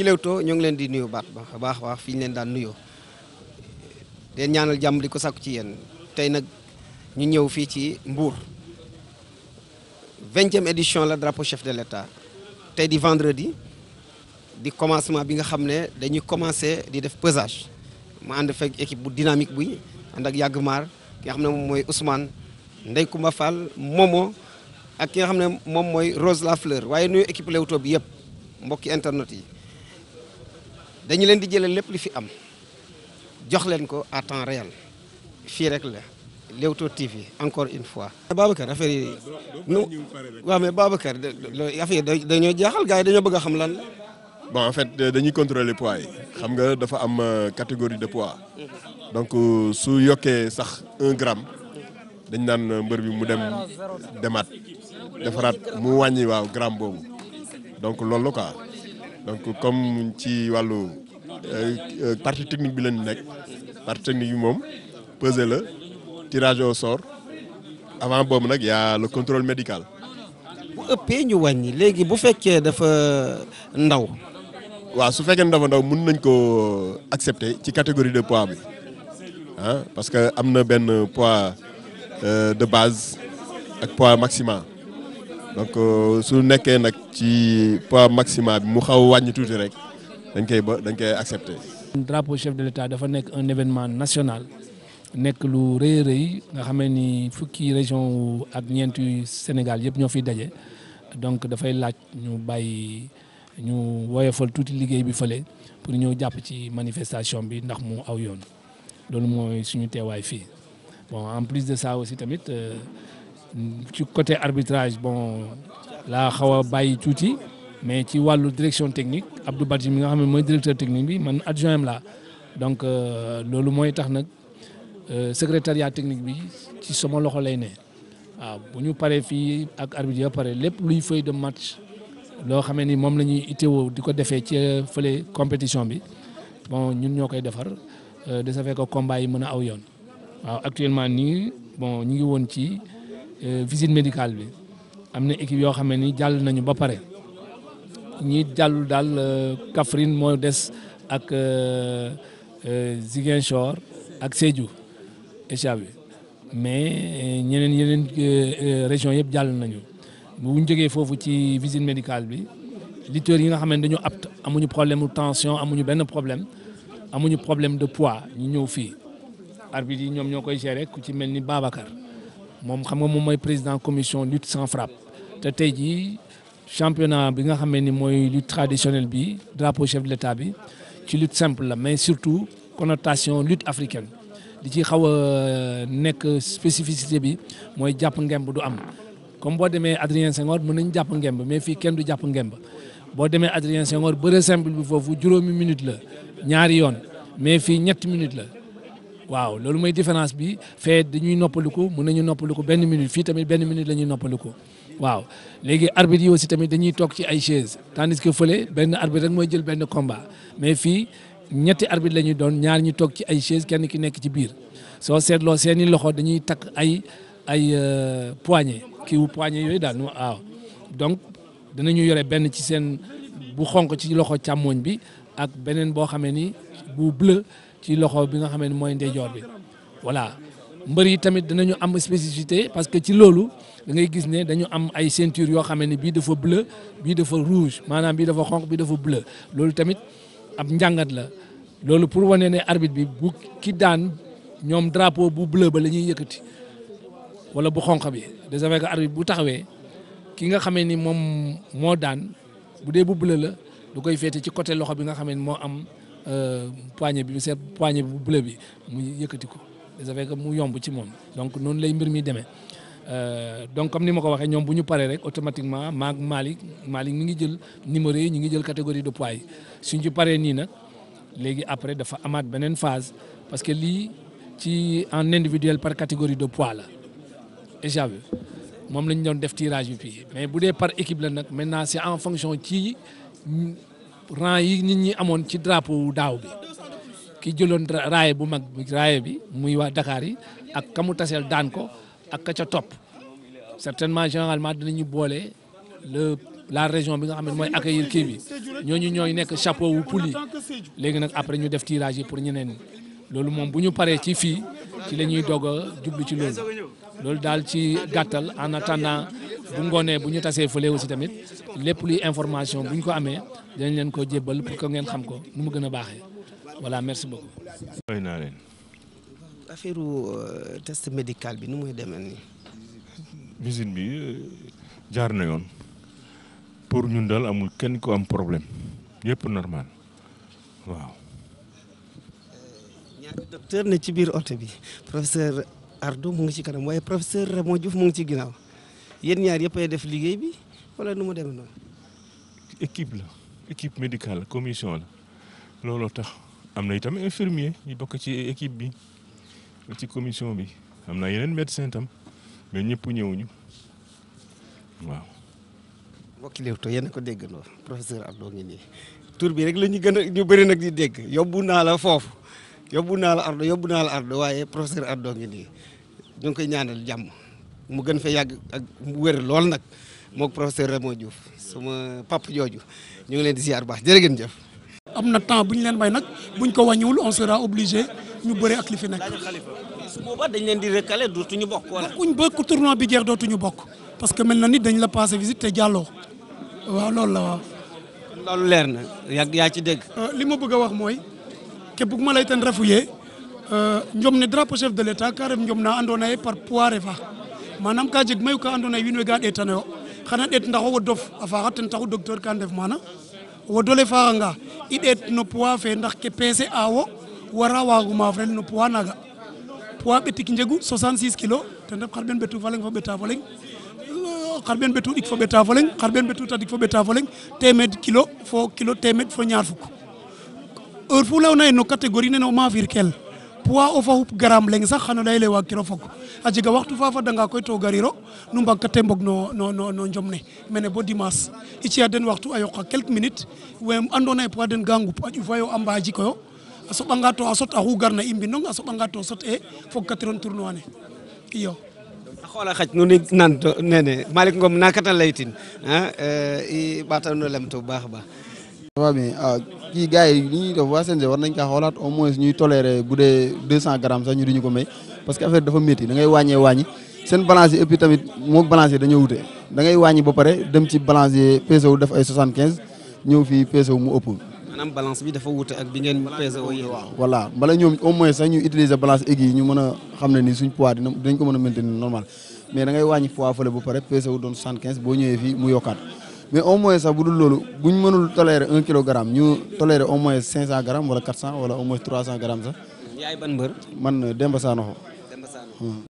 ci Leewtoo ñoo ngi leen di nuyu baat ba baax baax fi ñu leen daan nuyoo den ñaanal jàmm di ko sàkku ci yenn tey nag ñu ñëw fii ci Mbour vingtième édition la drapeau chef de l'État tey di vendredi di commencement bi nga xam ne dañuy commencer di def pesage mu ànd fekk équipe bu dynamique buy ànd ak yàgg maar ki nga xam ne moom mooy Ousmane Ndey Kumba Fall Momo ak ki nga xam ne moom mooy Rose fleur waaye nuyu équipe Leewtoo bi yëpp mbokki internet yi dañu leen di jëlee lépp li fi am jox leen ko à temps réel fii rek la Leewtoo TV encore une fois. Babacar affaire yi nu waaw mais Babacar affaire yi dañoo jaaxal gars yi dañoo bëgg a xam lan la. bon en dañuy contrôler pois yi xam nga dafa am euh, catégorie de pois donc euh, su yokkee sax un gramme dañ naan euh, mbër bi mu dem demaat defaraat mu wàññi waaw gramme boobu donc loolu la donc comme ci wàllu. Euh, euh, partie technique bi lañu nekk partie technique bi moom pesé la tirage au sor avant boobu nag y'a le contrôle médical. bu ëppee ñu wàññi léegi bu fekkee dafa ndaw. waa su fekkee ndaw ndaw mun nañ koo accepter ci catégorie de poids bi ah parce que am na benn poids euh, de base ak poids maximum donc su nekkee nag ci poids maximum bi mu xaw wàññi tuuti rek. dañ koy ba dañ koy accepté. drapeau chef de l'État dafa nekk un événement national nekk lu rëy rëy nga xam ni fukki région ak ñeenti Sénégal yëpp ñoo fiy daje donc dafay laaj ñu bàyyi ñu woyofal tuuti liggéey bi fële pour ñëw jàpp ci manifestation bi ndax mu aw yoon loolu mooy suñu teewaay fii bon en plus de sa aussi tamit euh, ci côté arbitrage bon laa xaw bàyyi tuuti. mais ci wàllu direction technique Abdou Badji mi nga xam ne mooy directeur technique bi man adjoint am laa donc euh, loolu mooy tax nag euh, secrétariat technique bi ci sama loxo lay ne waaw bu ñu paree fii ak arbitre ba pare lépp luy feuille de match loo xamee ni moom la ñuy itteewoo di ko defee ci euh, fële compétition bi bon ñun ñoo koy defar de ce fait que combat yi mën a aw yoon waaw actuellement nii bon ñu ngi woon ci visite médical bi am na équipe yoo xam ne ni jàll nañu ba pare. ñi jàllul daal euh, Kaffrine mooy des ak euh, euh, Ziguinchor ak Sédhiou échappé mais ñeneen yeneen région yëpp jàll nañu bu ñu foofu ci visite médicale bi lutteurs yi nga xam ne dañu apte amuñu problème mu tension amuñu benn problème amuñu problème de poids ñu ñëw fii arbitre yi ñoom ñoo koy gérer ku ci mel ni Babacar moom xam nga moom mooy président commission lutte sans frappe te tey jii championnat bi nga xamee ni mooy lutte traditionnelle bi drapeau chef de l'état bi ci lut simple la mais surtout connotation lutte africaine di ci xaw a euh, nekk spécificité bi mooy jàpp ngemb du am comme boo demee Adrien Senghor mën nañ jàpp ngemb mais fii kenn du jàpp ngemb boo demee Adrien Senghor bëre simple bi foofu juróomi minute la ñaari yoon mais fii ñetti minute la waaw loolu mooy différence bi fee dañuy noppaliku mën nañu noppaliku benn minute fii tamit benn minute la ñuy noppaliku waaw léegi arbitre yi aussi tamit dañuy toog ci ay chaise tandis que fële benn arbitre rek mooy jël benn combat mais fii ñetti arbitre la ñuy doon ñaar ñu toog ci ay chaise kenn ki nekk ci biir soo seetloo seeni loxo dañuy takk ay ay euh, poignée kii wu poignée yooyu daal waaw donc danañu yore benn ci seen bu xonq ci loxo càmmooñ bi ak beneen boo xamee ni bu bleu ci loxo bi nga xamee ni mooy ndeyjoor bi voilà mbër yi tamit dinañu am spécificité parce que ci loolu da ngay gis ne dañu am ay ceinture yoo xam ne bii dafa bleu bii dafa rouge maanaam bii dafa xonq bii dafa bleu loolu tamit ab njàngat la loolu pour wane ne arbitre bi bu ki daan ñoom drapeau bu bleu ba la ñuy yëkkati wala bu xonq bi déjà que arbitre bu taxawee ki nga xamee ni moom moo daan bu dee bu bleu la du koy féete ci côté loxo bi nga xamee ni moo am euh, poignet bi mu seen poignet bu bleu bi mu yëkkati ko. ça fait que mu yomb ci moom donc noonu lay mbir mi demee euh, donc comme ni ma ko waxee ñoom bu ñu paree rek automatiquement maag maalik Malick mi ngi jël numéro yi ñu ngi jël catégorie de pois yi suñ ci paree nii nag léegi après dafa amaat beneen phase parce que lii ci en individuel par catégorie de pois la déjà vu moom la ñu doon def tirage bi fii mais bu dee par équipe la nag maintenant c'est en fonction ci rang yi nit ñi amoon ci drapeau daaw bi. ki jëloon raaye bu mag raaye bi muy waa Dakar yi ak kamu taseel daan ko ak ka ca topp certainement généralement ñu boole le la région bi nga xam ne mooy accueillir kii bi ñooñu ñooy nekk chapeau wu poule yi léegi nag après ñu def tirage yi pour ñeneen loolu moom bu ñu paree ci fii ci la ñuy doog a jublu ci loolu loolu daal ci gàttal en attendant bu ngoonee bu ñu tasee fële aussi tamit lépp luy information bu ñu ko amee dinañ leen ko jébbal pour que ngeen xam ko nu mu gën a baaxee. voilà merci beaucoup. naa leen. affaire euh, test médical bi nu muy demee nii. bi euh, jaar na yoon pour ñun daal amul kenn ko am problème yëpp normal waaw. Euh, ñaari docteur ne ci biir oto bi professeur Ardo mu ngi ci kanam waaye professeur Raymond Diouf mu ngi ci ginnaaw yéen ñaar yëpp ay def liggéey bi wala nu ma demee noonu. équipe la équipe médicale commission la looloo tax. am na itam infirmier ñu bokk ci équipe bi ci commission bi am na yeneen médecin itam mais ñëpp ñëwuñu waaw. mbokki Leewtoo yéen a ko déggandoo professeur Ardo ngi nii tur bi rek la gën a ñu bëri nag dégg yóbbu naa la foofu yóbbu naa la Ardo yóbbu naa la Ardo waaye professeur Ardo ngi nii ñu ngi koy ñaanal jàmm mu gën fa yàgg ak mu wér lool nag moog professeur Raymond Diouf suma papa jooju ñu ngi leen di ziar baax jërë ngeen am na temps bu ñu leen may nag buñ ko wàññiwul on sera obligé ñu bëre ak li fi nekk. su boobaa dañ leen di recalé dootuñu bokk wala. bokkuñ bokk tournoi bi jeex dootuñu bokk parce que mel na ni dañ la passé visite te jàlloo waaw loolu la waaw. loolu leer na yàgg yaa ci dégg. Euh, li ma bëgg a wax mooy képp bu ma lay tan rafuyee euh, ñoom ne drapeau chef de l' état carrément ñoom naa andoona ye par poire fa manam ka jeg mayu ka andoona ye wiin we ga ɗeetanoyo xana ɗeet ndax o wo dof a faaxa ten taxu docteur ka ndef maana wo dole faxanga i ɗeet no poids fe ndax peese a wo wara waago maafrel no poids naga poids ɓetik njegu 66 kilo ten ref xar ɓen fa leng fo ɓeta fo leng xar ɓen tadik fo ɓeta fo leng temed kilo fo kilo temed fo ñaar fuk heure fu lawna ye no catégorie nene o maafir poids o fa xup gramme leng sax xan o leyele fog a jega waxtu fa fadanga koy to gariro nu mbaag mbog no no njom mene bo dimanche i ci'a den waxtu a yoqa quelques minutes we andoona yee poids den ga ngup a ƴufayo a mbaajikooyo a soɓanga to a sot axu garna i mbinong a soɓanga to sot e fogkatiron tournoi ne iyo a xoola xaj nu ni naan nene Malick Ngom na kata laytin ah, eh, i ɓaatan o lem to baax a va bien ah kii gars yi li ñuy def waa CNG war nañ bu dee 200 grammes sax ñu duñu ko may parce que affaire dafa métti da ngay wàññee wàññi seen balance yi et tamit moog balance yi dañoo wute da ngay wàññi ba pare dem ci balance yi peese wu def ay 75 ñëw fii peese wu mu ëpp. maanaam balance bi dafa wute ak bi ngeen peese wu yéen. voilà bala ñoom au moins sax ñu utiliser balance aiguë yi ñu mën a xam ne ni suñ poids dina ko mën a maintenir normal mais da ngay wàññi poids fële wu doon 75 boo ñëwee fii mu yokkaat mais au moins sax bu dul loolu bu ñu mënul tolérer un kilogramme ñu tolérer au moins cinq cent grammes wala quatre cent wala au moins trois cent grammes sax. yaay ban mbër. man Demba Sanoxo. Demba Sanoxo. Hmm.